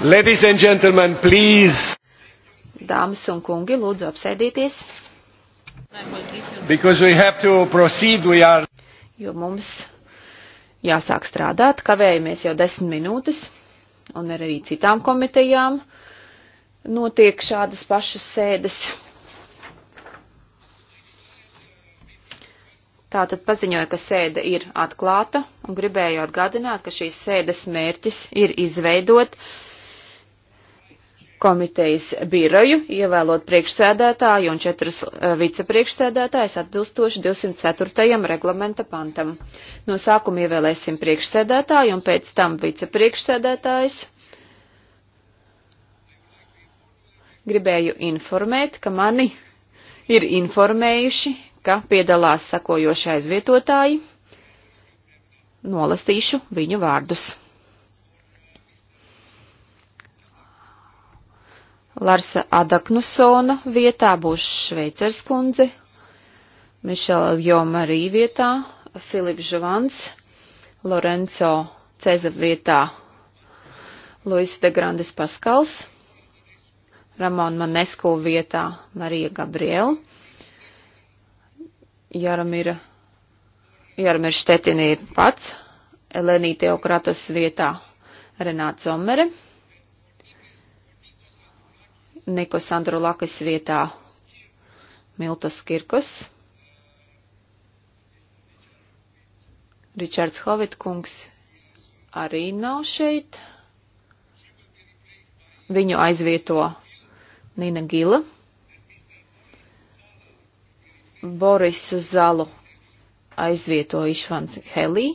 Ladies and gentlemen, please. Dāmas un kungi, lūdzu apsēdieties. Because we have to proceed, we are. Jo mums jāsāk strādāt, kavējamies jau desmit minūtes, un ar arī citām komitejām notiek šādas pašas sēdes. Tātad paziņoja, ka sēde ir atklāta, un gribēju atgādināt, ka šīs sēdes mērķis ir izveidot uh, komitejas biroju, ievēlot priekšsēdētāju un četrus eh, vicepriekšsēdētājus atbilstoši 204. reglamenta pantam. No sākuma ievēlēsim priekšsēdētāju un pēc tam vicepriekšsēdētājs. Gribēju informēt, ka mani ir informējuši, ka piedalās sakojošais vietotāji. Nolasīšu viņu vārdus. Larsa Adaknusona vietā būs Šveicers kundze, Mišela Jomarī vietā Filips Žvans, Lorenzo Ceza vietā Luis de Grandes Paskals, Ramon Manesko vietā Marija Gabriela, Jaramira, Jaramir Štetinī pats, Elenī Teokratos vietā Renāts Omere. Niko Sandro Lakas vietā Miltos Kirkus, Ričards Hovitkungs arī nav šeit. Viņu aizvieto Nina Gila, Borisu Zalu aizvieto Išvans Helī.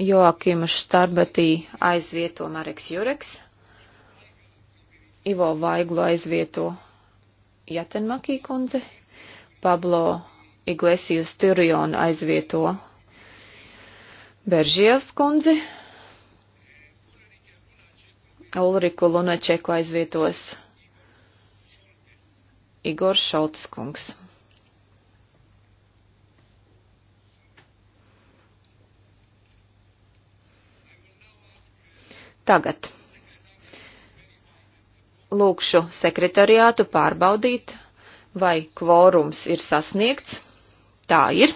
Joakimu Štarbatī aizvieto Mareks Jureks, Ivo Vaiglu aizvieto Jatenmakī kundze, Pablo Iglesijas Turionu aizvieto Beržijas kundzi, Ulriku Lunačeku aizvietos Igor Šaltas kungs. tagad. Lūkšu sekretariātu pārbaudīt, vai kvorums ir sasniegts. Tā ir.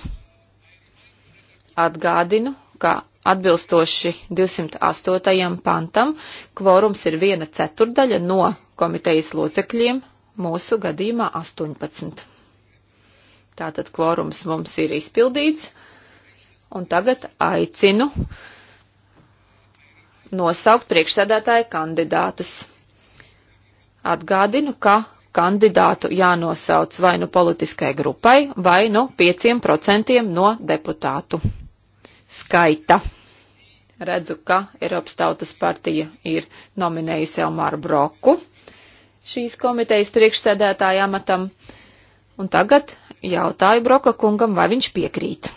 Atgādinu, ka atbilstoši 208. pantam kvorums ir viena ceturdaļa no komitejas locekļiem, mūsu gadījumā 18. Tātad kvorums mums ir izpildīts, un tagad aicinu uh, nosaukt priekšsēdētāju kandidātus. Atgādinu, ka kandidātu jānosauc vai nu politiskai grupai, vai nu 5% no deputātu skaita. Redzu, ka Eiropas Tautas partija ir nominējusi Elmāru Broku šīs komitejas priekšsēdētāja amatam, un tagad jautāju Broka kungam, vai viņš piekrīt.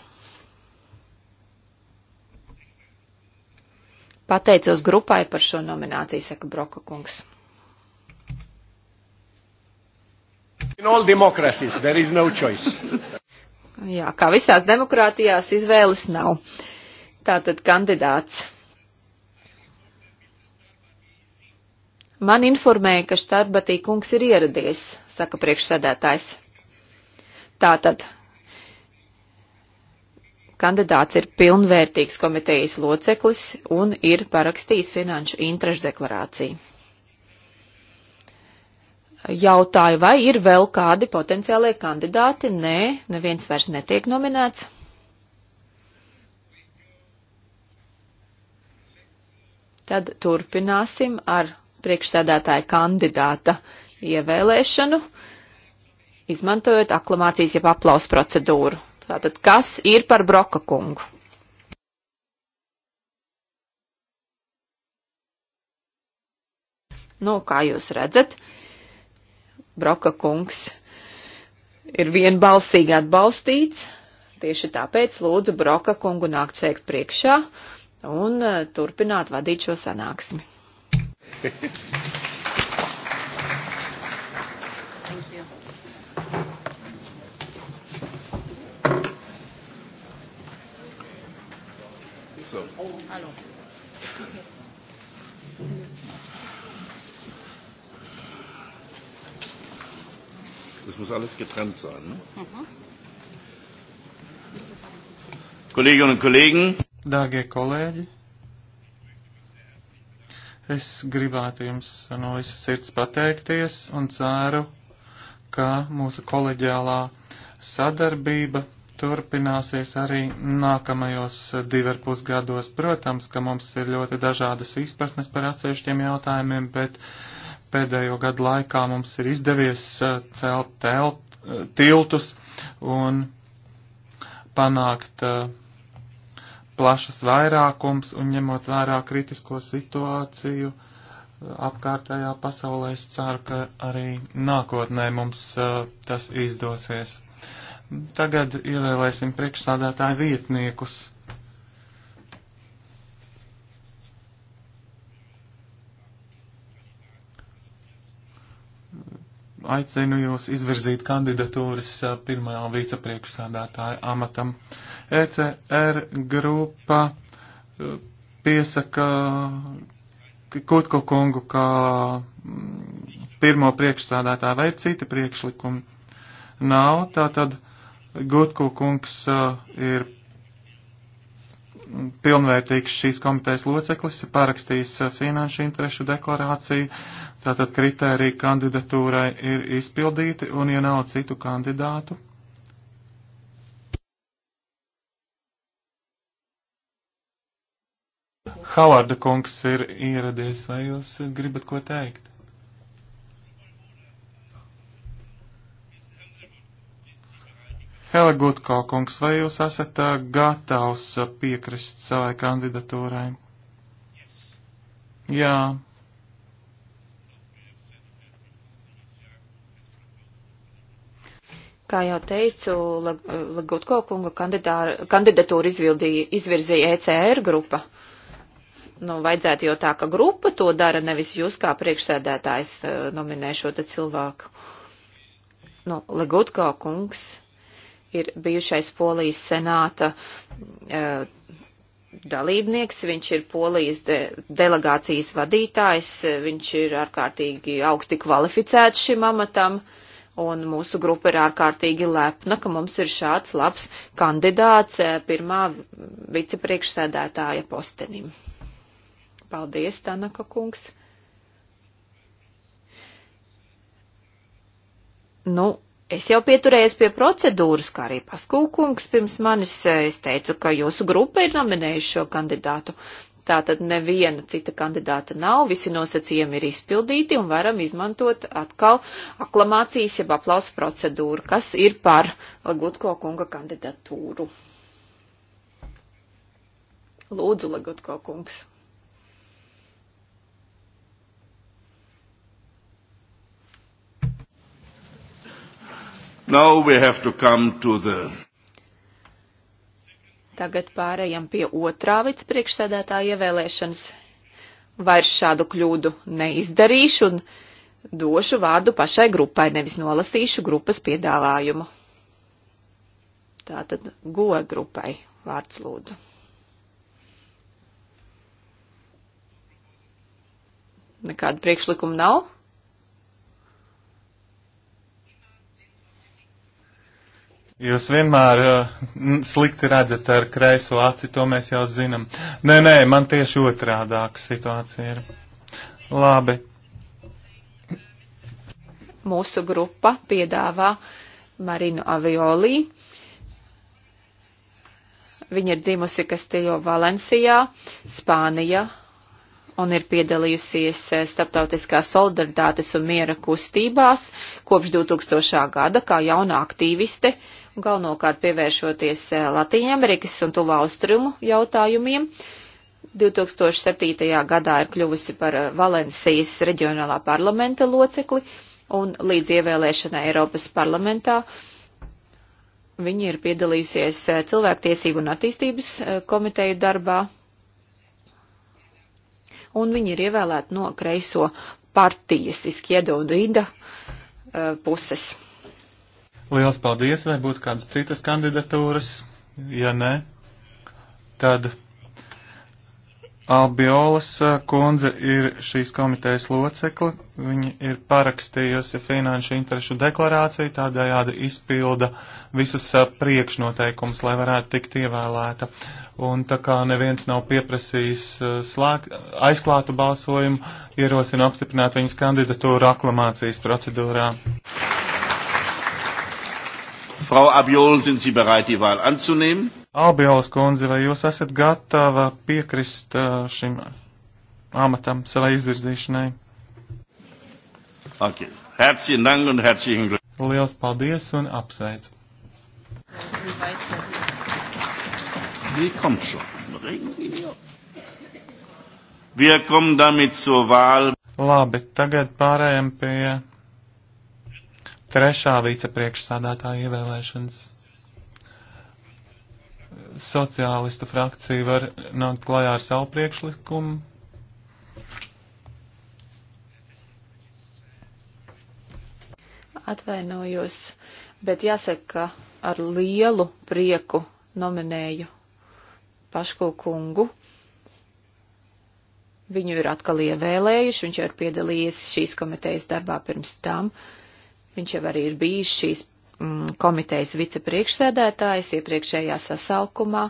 Pateicos grupai par šo nomināciju, saka Broka kungs. No Jā, kā visās demokrātijās izvēles nav. Tātad kandidāts. Man informēja, ka Štarbatī kungs ir ieradies, saka priekšsēdētājs. Tātad kandidāts ir pilnvērtīgs komitejas loceklis un ir parakstījis finanšu interešu deklarāciju. Jautāju, vai ir vēl kādi potenciālie kandidāti? Nē, neviens vairs netiek nominēts. Tad turpināsim ar priekšsēdētāja kandidāta ievēlēšanu, izmantojot aklamācijas jeb aplausu procedūru. Tātad, kas ir par Broka kungu? Nu, kā jūs redzat, Broka kungs ir vienbalsīgi atbalstīts. Tieši tāpēc lūdzu Broka kungu nākt sēkt priekšā un eh, turpināt vadīt šo sanāksmi. So. Hallo. Das muss alles getrennt sein. Ne? Mhm. Kolleginnen und Kollegen. Dārgie kolēģi, es gribētu jums no visas sirds pateikties un ceru, ka mūsu koleģiālā sadarbība turpināsies arī nākamajos divarpus gados. Protams, ka mums ir ļoti dažādas izpratnes par atsevišķiem jautājumiem, bet pēdējo gadu laikā mums ir izdevies uh, celt telt, uh, tiltus un panākt uh, plašas vairākums un ņemot vērā kritisko situāciju apkārtējā pasaulē, es ceru, ka arī nākotnē mums tas izdosies. Tagad ievēlēsim priekšsādātāju vietniekus. Aicinu jūs izvirzīt kandidatūras pirmajā vicepriekšsādātāja amatam. ECR grupa piesaka Kutko kungu kā mm, pirmo priekšsādātāju vai citi priekšlikumi. Nav, tātad Gutku kungs uh, ir pilnvērtīgs šīs komitejas loceklis, parakstījis uh, finanšu interešu deklarāciju, tātad kritērija kandidatūrai ir izpildīti, un ja nav citu kandidātu. Havarda kungs ir ieradies, vai jūs gribat ko teikt? Hela Gutko kungs, vai jūs esat gatavs piekrist savai kandidatūrai? Yes. Jā. Kā jau teicu, Lagutko kunga kandidatūru izvirzīja ECR grupa. Nu, vajadzētu jau tā, ka grupa to dara, nevis jūs kā priekšsēdētājs nominē šo te cilvēku. Nu, Lagutko kungs ir bijušais Polijas senāta uh, dalībnieks, viņš ir Polijas de delegācijas vadītājs, viņš ir ārkārtīgi augsti kvalificēts šim amatam, un mūsu grupa ir ārkārtīgi lepna, ka mums ir šāds labs kandidāts e, pirmā vicepriekšsēdētāja postenim. Paldies, Tanaka kungs. Nu, Es jau pieturējos pie procedūras, kā arī paskūkungs pirms manis. Es teicu, ka jūsu grupa ir nominējuši šo kandidātu. Tātad neviena cita kandidāta nav, visi nosacījumi ir izpildīti un varam izmantot atkal aklamācijas jeb aplausu procedūru, kas ir par Lagutko kunga kandidatūru. Lūdzu, Lagutko kungs. Now we have to come to the. Tagad pārējām pie otrā vicepriekšsēdētāja ievēlēšanas. Vairs šādu kļūdu neizdarīšu un došu vārdu pašai grupai, nevis nolasīšu grupas piedāvājumu. Tātad goja grupai vārds lūdzu. Nekādu priekšlikumu nav? Jūs vienmēr uh, slikti redzat ar kreiso aci, to mēs jau zinām. Nē, nē, man tieši otrādāka situācija ir. Labi. Mūsu grupa piedāvā Marinu Aviolī. Viņa ir dzimusi Kastiljo Valencijā, Spānija, un ir piedalījusies uh, starptautiskās solidaritātes un miera kustībās kopš 2000. gada kā jauna aktīviste galvenokārt pievēršoties eh, Latīņamerikas un Tuvā Austrumu jautājumiem. 2007. gadā ir kļuvusi par eh, Valencijas reģionālā parlamenta locekli un līdz ievēlēšanai Eiropas parlamentā viņa ir piedalījusies eh, cilvēktiesību un attīstības komiteju darbā. Un viņa ir ievēlēta no kreiso partijas Iskiedo un Rida puses. Liels paldies, vai būtu kādas citas kandidatūras? Ja nē, tad Albiolas eh, kundze ir šīs komitejas locekla. Viņa ir parakstījusi finanšu interešu deklarāciju, tādējādi izpilda visus eh, priekšnoteikumus, lai varētu tikt ievēlēta. Un tā kā neviens nav pieprasījis eh, slēgt, aizklātu balsojumu, ierosinu apstiprināt viņas kandidatūru aklamācijas procedūrā. Frau Abiol, sind Sie bereit, die Wahl anzunehmen? Albiols kundze, vai jūs esat gatava piekrist uh, šim amatam savai izvirzīšanai? Okay. Herzlichen Dank un herzlichen Glück. Liels paldies un apsveic. Die kommt schon. Wir kommen damit zur Wahl. Labi, tagad pārējām pie Trešā vicepriekšsādātāja ievēlēšanas. Sociālistu frakcija var nākt klajā ar savu priekšlikumu. Atvainojos, bet jāsaka, ka ar lielu prieku nominēju Paško kungu. Viņu ir atkal ievēlējuši, viņš jau ir piedalījies šīs komitejas darbā pirms tam. Uh, Viņš jau arī ir bijis šīs mm, komitejas vicepriekšsēdētājs iepriekšējā sasaukumā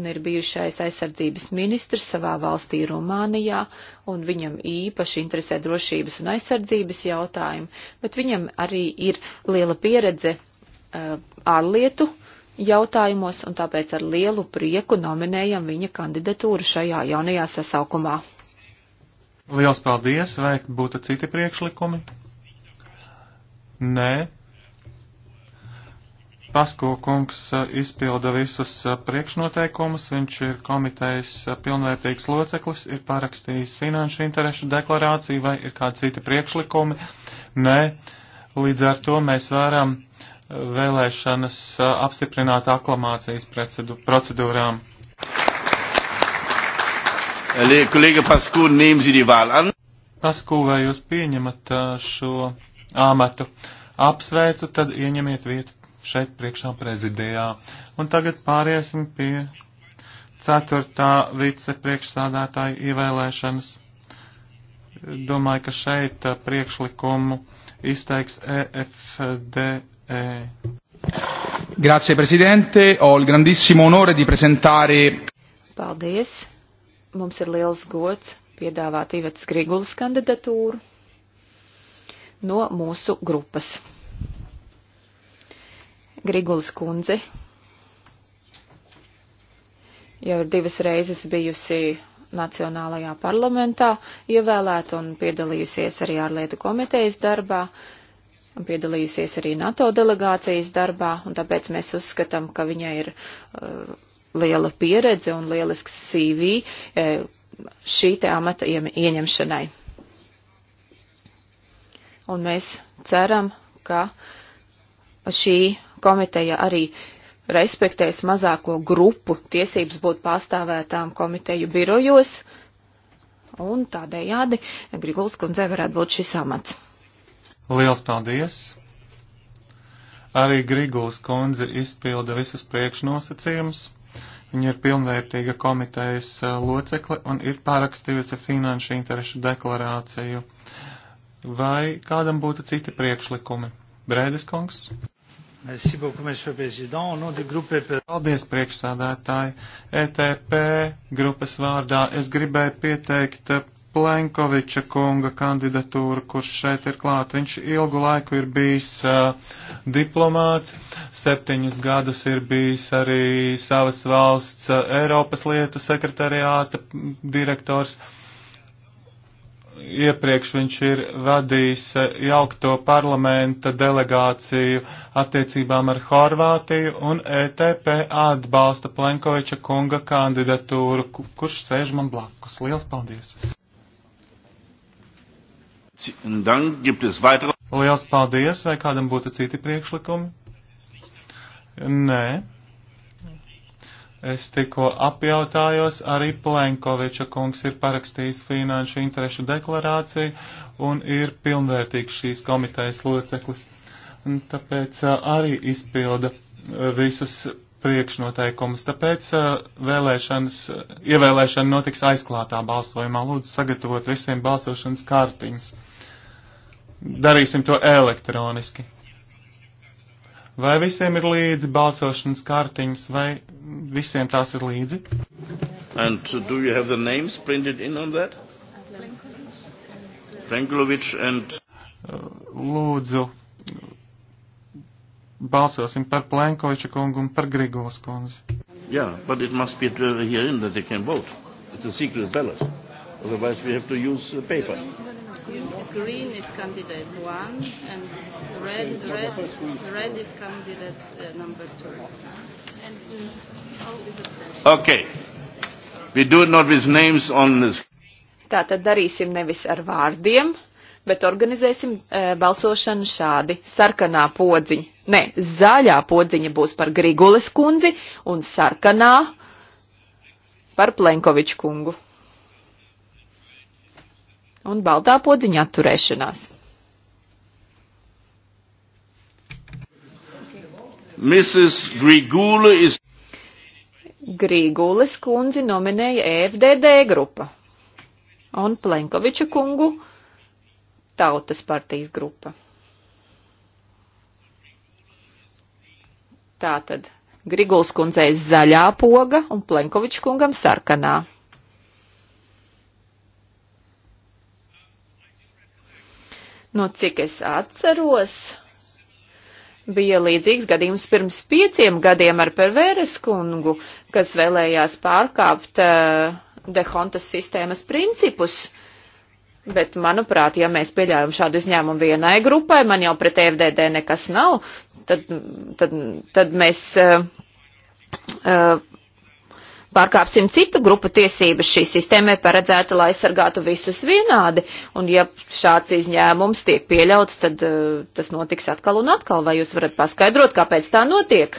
un ir bijušais aizsardzības ministrs savā valstī Rumānijā, un viņam īpaši interesē drošības un aizsardzības jautājumi, bet viņam arī ir liela pieredze uh, ārlietu jautājumos, un tāpēc ar lielu prieku nominējam viņa kandidatūru šajā jaunajā sasaukumā. Liels paldies, vai būtu citi priekšlikumi? Nē. Pasko kungs uh, izpilda visus uh, priekšnoteikumus, viņš ir komitejas uh, pilnvērtīgs loceklis, ir parakstījis finanšu interešu deklarāciju vai ir kādi citi priekšlikumi. Nē, līdz ar to mēs varam vēlēšanas apstiprināt aklamācijas procedūrām. Kolēģi Pasku, Pasku, vai jūs pieņemat šo? āmatu. Apsveicu, tad ieņemiet vietu šeit priekšā prezidijā. Un tagad pāriesim pie ceturtā vicepriekšsādātāja ievēlēšanas. Domāju, ka šeit uh, priekšlikumu izteiks EFDE. E. Grazie Presidente, ho il grandissimo onore di presentare. Paldies! Mums ir liels gods piedāvāt Ivetas Grigulas kandidatūru no mūsu grupas. Grigulas kundze jau ir divas reizes bijusi Nacionālajā parlamentā ievēlēta un piedalījusies arī ārlietu komitejas darbā un piedalījusies arī NATO delegācijas darbā, un tāpēc mēs uzskatām, ka viņai ir uh, liela pieredze un lielisks CV uh, šī te amata ieņemšanai un mēs ceram, ka šī komiteja arī respektēs mazāko grupu tiesības būt pārstāvētām komiteju birojos, un tādējādi Griguls kundze varētu būt šis amats. Liels paldies! Arī Griguls kundze izpilda visus priekšnosacījumus. Viņa ir pilnvērtīga komitejas eh, locekle un ir pārakstījusi finanšu interešu deklarāciju. Uh, vai kādam būtu citi priekšlikumi? Brēdis kungs. E. Paldies, priekšsādātāji. ETP grupas vārdā es gribēju pieteikt Plenkoviča kunga kandidatūru, kurš šeit ir klāt. Viņš ilgu laiku ir bijis uh, diplomāts, septiņus gadus ir bijis arī savas valsts uh, Eiropas lietu sekretariāta direktors. Uh, iepriekš viņš ir vadījis eh, jaukto parlamenta delegāciju attiecībām ar Horvātiju un ETP atbalsta Plenkoviča kunga kandidatūru, kurš sēž man blakus. Liels paldies! Liels paldies! Vai kādam būtu citi priekšlikumi? Nē. Es tikko apjautājos, arī Plenkoviča kungs ir parakstījis finanšu interešu deklarāciju un ir pilnvērtīgs šīs komitejas loceklis. Tāpēc uh, arī izpilda uh, visus priekšnoteikumus. Tāpēc uh, vēlēšanas, ievēlēšana notiks aizklātā balsojumā. Lūdzu, sagatavot visiem balsošanas kārtiņas. Darīsim to elektroniski. Vai visiem ir līdzi balsošanas kartiņas, vai visiem tās ir līdzi? And do you have the names printed in on that? Plenkovič and... Lūdzu, balsosim par Plenkoviča kungu un par Grigolas kundzi. Yeah, but it must be here in that they can vote. It's a secret ballot. Otherwise we have to use paper green is candidate one, and red, red, red is candidate uh, number two. And uh, how is it? Okay. We do not with names on this. Tātad darīsim nevis ar vārdiem, bet organizēsim e, balsošanu šādi. Sarkanā podziņa, ne, zaļā podziņa būs par Grigules kundzi un sarkanā par Plenkoviču kungu un baltā podziņa atturēšanās. Mrs. Grigula is. Grīgules kundzi nominēja EFDD grupa un Plenkoviča kungu Tautas partijas grupa. Tātad Griguls kundzei zaļā poga un Plenkoviča kungam sarkanā. No nu, cik es atceros, bija līdzīgs gadījums pirms pieciem gadiem ar Pervēres kungu, kas vēlējās pārkāpt uh, eh, dehontas sistēmas principus. Bet, manuprāt, ja mēs pieļaujam šādu izņēmumu vienai grupai, man jau pret FDD nekas nav, tad, tad, tad mēs uh, uh, pārkāpsim citu grupu tiesības. Šī sistēma ir paredzēta, lai aizsargātu visus vienādi, un ja šāds izņēmums tiek pieļauts, tad uh, tas notiks atkal un atkal. Vai jūs varat paskaidrot, kāpēc tā notiek?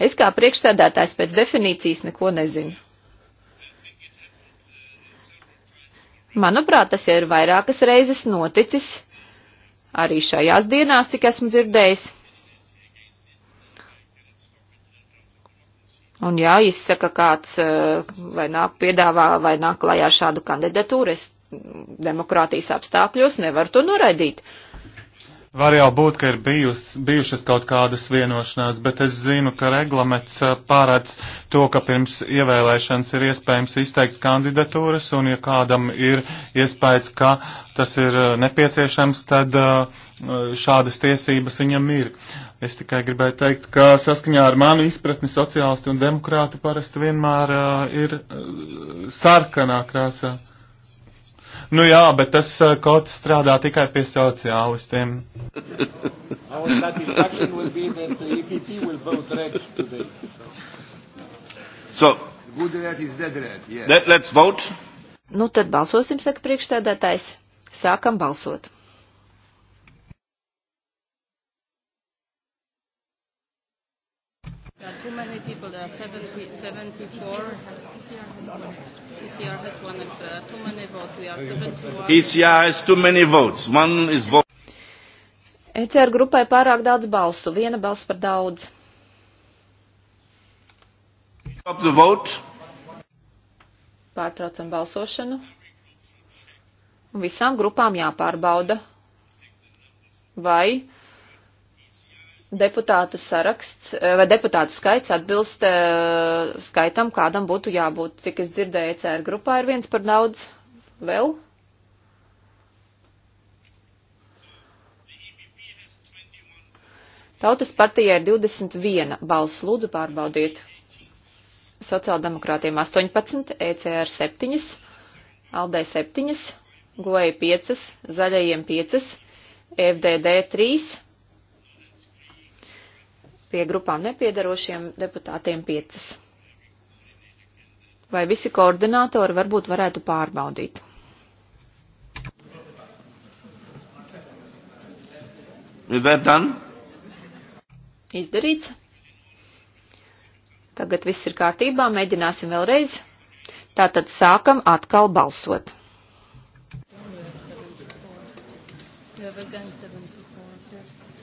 Es kā priekšsēdētājs pēc definīcijas neko nezinu. Manuprāt, tas jau ir vairākas reizes noticis. Arī šajās dienās, cik esmu dzirdējis. Un ja izsaka kāds eh, vai nāk piedāvā vai nāk klajā šādu kandidatūru, es demokrātijas apstākļos nevaru to noraidīt. Uh, Var jau būt, ka ir bijus, bijušas kaut kādas vienošanās, bet es zinu, ka reglaments eh, pārēdz to, ka pirms ievēlēšanas ir iespējams izteikt kandidatūras, un ja kādam ir iespējas, ka tas ir eh, nepieciešams, tad eh, šādas tiesības viņam ir. Es tikai gribēju teikt, ka saskaņā ar manu izpratni sociālisti un demokrāti parasti vienmēr ir sarkanā krāsā. Nu jā, bet tas eh, kaut strādā tikai pie sociālistiem. E so, red, yeah. Let, let's vote. Nu tad balsosim, saka priekšstādātājs. Sākam balsot. There are too many people. There are 70, 74. ECR has one is, uh, too many votes. We are seven to one. ECR has too many votes. One is vote. ECR grupai pārāk daudz balsu. Viena balss par daudz. Stop the vote. Pārtraucam balsošanu. Un visām grupām jāpārbauda, vai deputātu saraksts eh, vai deputātu skaits atbilst uh, skaitam, kādam būtu jābūt. Cik es dzirdēju, e CR grupā ir viens par daudz vēl. Tautas partijai ir 21 balss, lūdzu pārbaudiet. Sociāldemokrātiem 18, ECR 7, Aldei 7, Goeja 5, Zaļajiem 5, FDD 3, pie grupām nepiedarošiem deputātiem piecas. Vai visi koordinātori varbūt varētu pārbaudīt? Is that done? Izdarīts. Tagad viss ir kārtībā, mēģināsim vēlreiz. Tātad sākam atkal balsot. Yeah, we're going 17.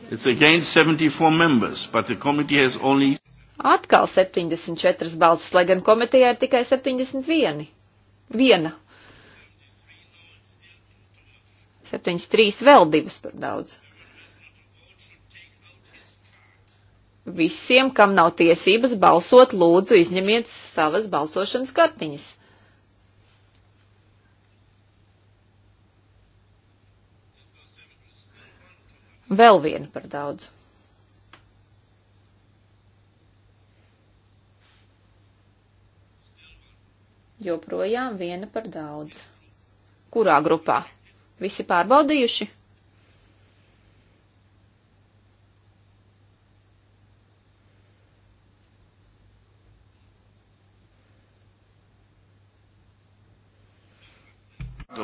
It's again 74 members, but the committee has only... Atkal 74 balsis, lai gan komitejā ir tikai 71. Viena. 73 vēl divas par daudz. Visiem, kam nav tiesības balsot, lūdzu izņemiet savas balsošanas kartiņas. Vēl vienu par daudz. Joprojām viena par daudz. Kurā grupā? Visi pārbaudījuši?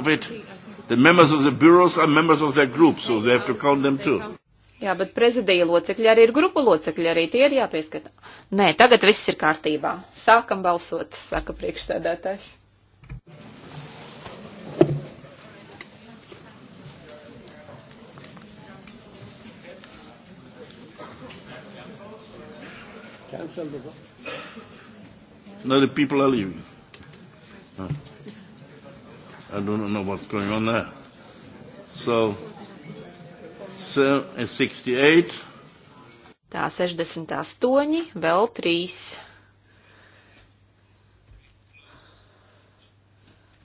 With The members of the bureaus are members of their group, so they have to count them too. Jā, bet prezidija locekļi arī ir grupu locekļi, arī tie ir jāpieskata. Nē, tagad viss ir kārtībā. Sākam balsot, saka priekšsēdētājs. Cancel the vote. No, the people are leaving. No. Ah. I don't know what's going on there. So, so 68. Eh, Tā 68, vēl 3.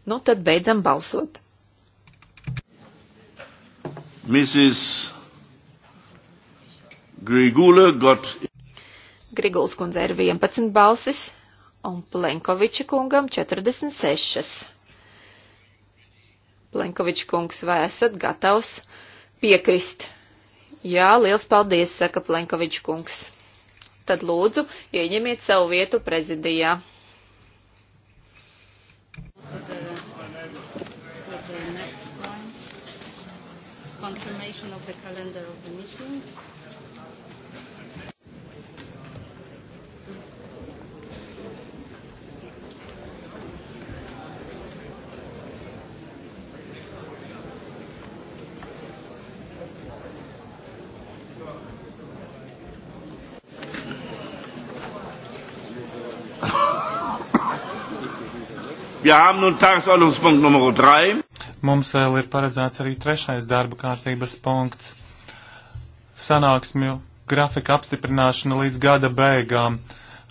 Nu, tad beidzam balsot. Mrs. Grigula got. Griguls kundze ir 11 balsis un Plenkoviča kungam 46. Plenkovičs kungs, vai esat gatavs piekrist? Jā, liels paldies, saka Plenkovičs kungs. Tad lūdzu, ieņemiet savu vietu prezidijā. Confirmation of the calendar of the meetings. Wir haben nun Tagesordnungspunkt Nummer 3. Mums vēl ir paredzēts arī trešais darba kārtības punkts - sanāksmju grafika apstiprināšana līdz gada beigām.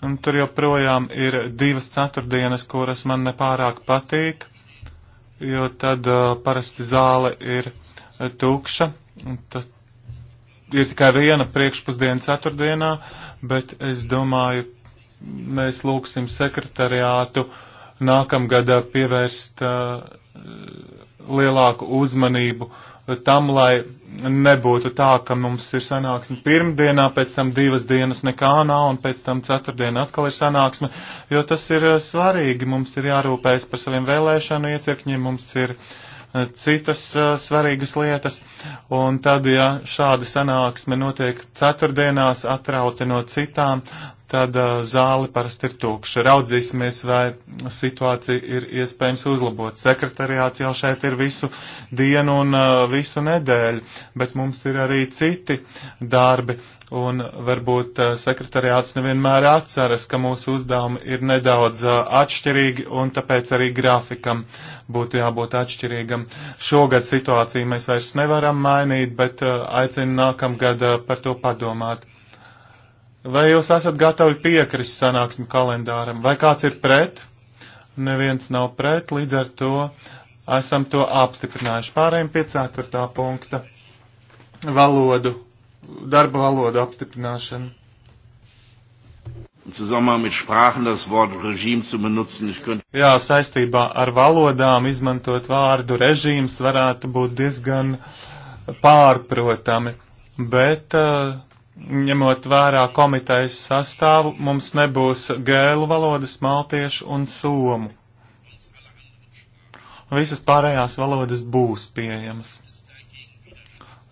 Un tur joprojām ir divas ceturtdienas, kuras man nepārāk patīk, jo tad uh, parasti zāle ir tukša. Tad ir tikai viena priekšpusdiena ceturtdienā, bet es domāju, mēs lūksim sekretariātu uh, nākamgadā pievērst lielāku uzmanību tam, lai nebūtu tā, ka mums ir sanāksme pirmdienā, pēc tam divas dienas nekā nav, un pēc tam ceturtdienā atkal ir sanāksme, jo tas ir svarīgi. Mums ir jārūpējas par saviem vēlēšanu iecirkņiem, mums ir citas uh, svarīgas lietas, un tad, ja šāda sanāksme notiek ceturtdienās, atrauti no citām, tad uh, zāli parasti ir tukša. Raudzīsimies, vai situācija ir iespējams uzlabot. Sekretariāts jau šeit ir visu dienu un uh, visu nedēļu, bet mums ir arī citi darbi. Un varbūt uh, sekretariāts nevienmēr atceras, ka mūsu uzdevumi ir nedaudz uh, atšķirīgi, un tāpēc arī grafikam būtu jābūt atšķirīgam. Šogad situāciju mēs vairs nevaram mainīt, bet uh, aicinu nākamgad uh, par to padomāt. Vai jūs esat gatavi piekrist sanāksmi kalendāram? Vai kāds ir pret? Neviens nav pret, līdz ar to esam to apstiprinājuši. Pārējiem pie ceturtā punkta - valodu, darba valodu apstiprināšana. Jā, saistībā ar valodām izmantot vārdu režīms varētu būt diezgan pārprotami, bet uh, ņemot vērā komitejas sastāvu, mums nebūs gēlu valodas, maltiešu un somu. Visas pārējās valodas būs pieejamas.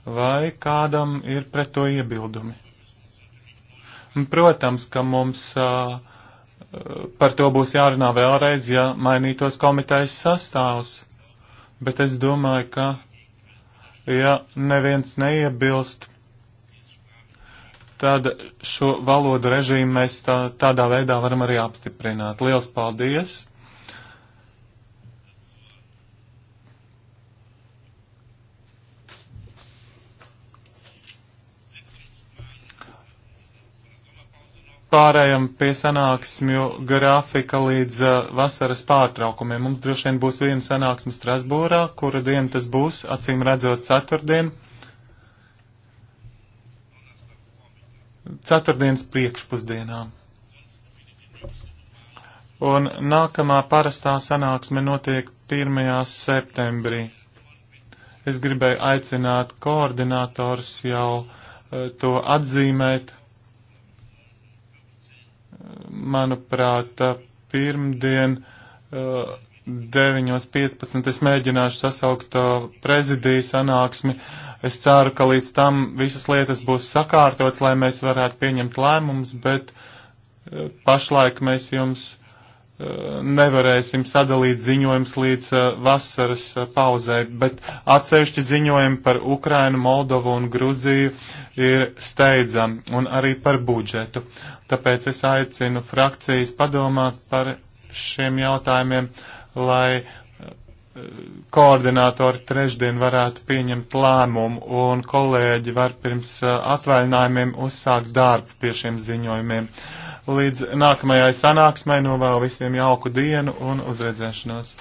Vai kādam ir pret to iebildumi? Protams, ka mums uh, par to būs jārunā vēlreiz, ja mainītos komitejas sastāvs. Bet es domāju, ka ja neviens neiebilst tad šo valodu režīmu mēs tā, tādā veidā varam arī apstiprināt. Liels paldies! pārējām pie sanāksmju grafika līdz uh, vasaras pārtraukumiem. Mums droši vien būs viena sanāksme Strasbūrā, kura diena tas būs, acīm redzot, ceturtdien. ceturtdienas priekšpusdienām. Un nākamā parastā sanāksme notiek 1. septembrī. Es gribēju aicināt koordinators jau eh, to atzīmēt. Manuprāt, pirmdien uh, 9.15. Es mēģināšu sasaukt uh, prezidiju sanāksmi. Es ceru, ka līdz tam visas lietas būs sakārtotas, lai mēs varētu pieņemt lēmumus, bet uh, pašlaik mēs jums uh, nevarēsim sadalīt ziņojums līdz vasaras pauzē, bet atsevišķi ziņojumi par Ukrainu, Moldovu un Gruziju ir steidzami un arī par budžetu. Tāpēc es aicinu frakcijas padomāt par šiem jautājumiem lai eh, koordinātori trešdien varētu pieņemt lēmumu un kolēģi var pirms eh, atvaļinājumiem uzsākt darbu pie šiem ziņojumiem. Līdz nākamajai sanāksmai novēlu visiem jauku dienu un uzredzēšanos.